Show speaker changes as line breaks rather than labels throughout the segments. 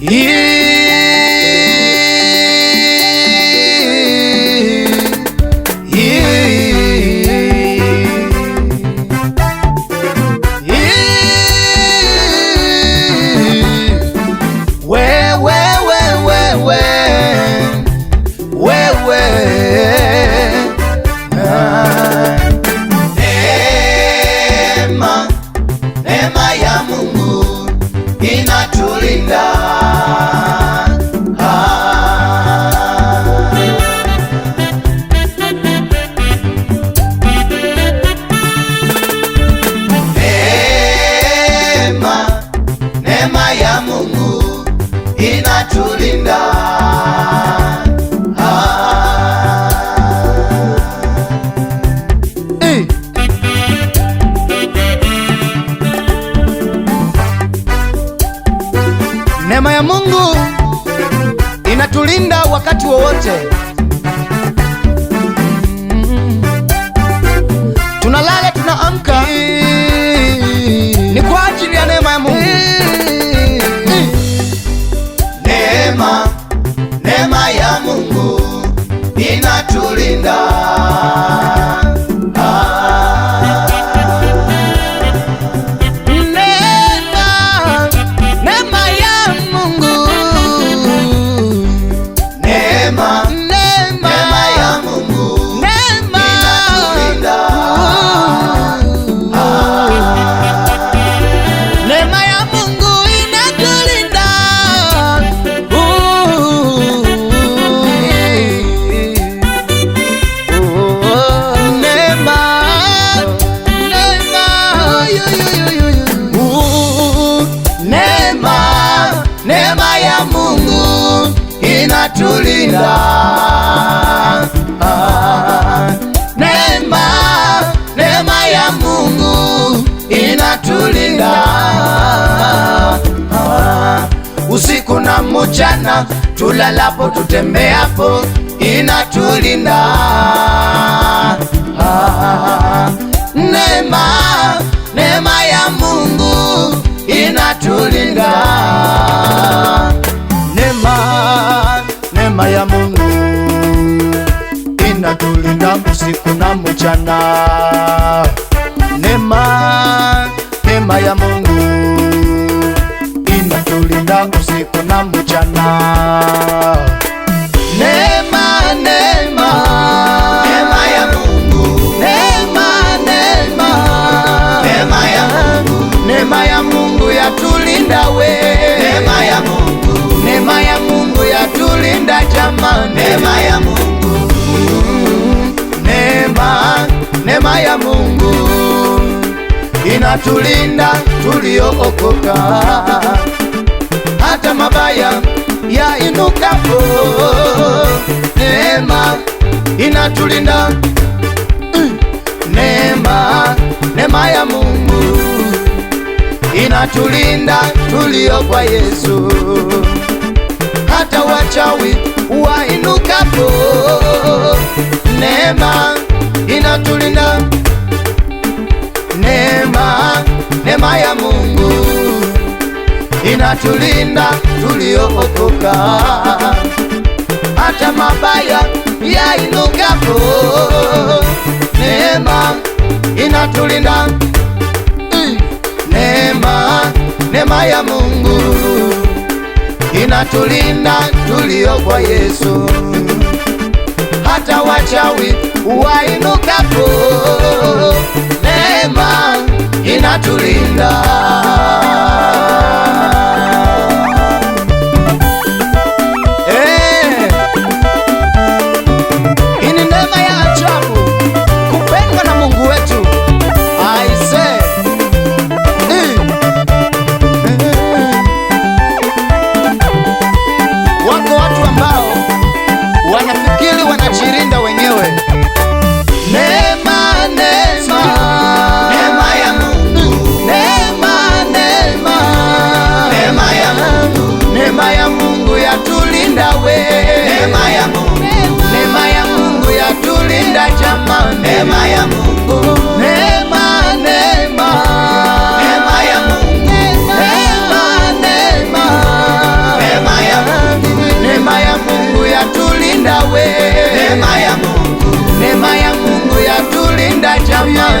Yeah. anatulinda ah. Neema ya Mungu inatulinda wakati wowote.
kutulinda. Neema ya Mungu inatulinda neema, neema ya Mungu inatulinda usiku na mchana tulalapo tutembeapo inatulinda ya Mungu inatulinda tuliookoka, hata mabaya ya inukapo, neema inatulinda nema mm. Neema, neema ya Mungu inatulinda tulio kwa Yesu, hata wachawi wainukapo, neema tulina neema, neema ya Mungu inatulinda tuliookoka, hata mabaya yainukapo, neema inatulinda nema mm. Neema, neema ya Mungu inatulinda tulio kwa Yesu, hata wachawi wainukapo, neema inatulinda. neema ya Mungu, neema, neema, neema ya Mungu, neema ya Mungu yatulinda we, neema ya Mungu yatulinda jamaa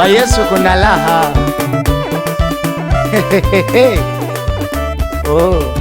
Kwa Yesu kuna raha. Oh.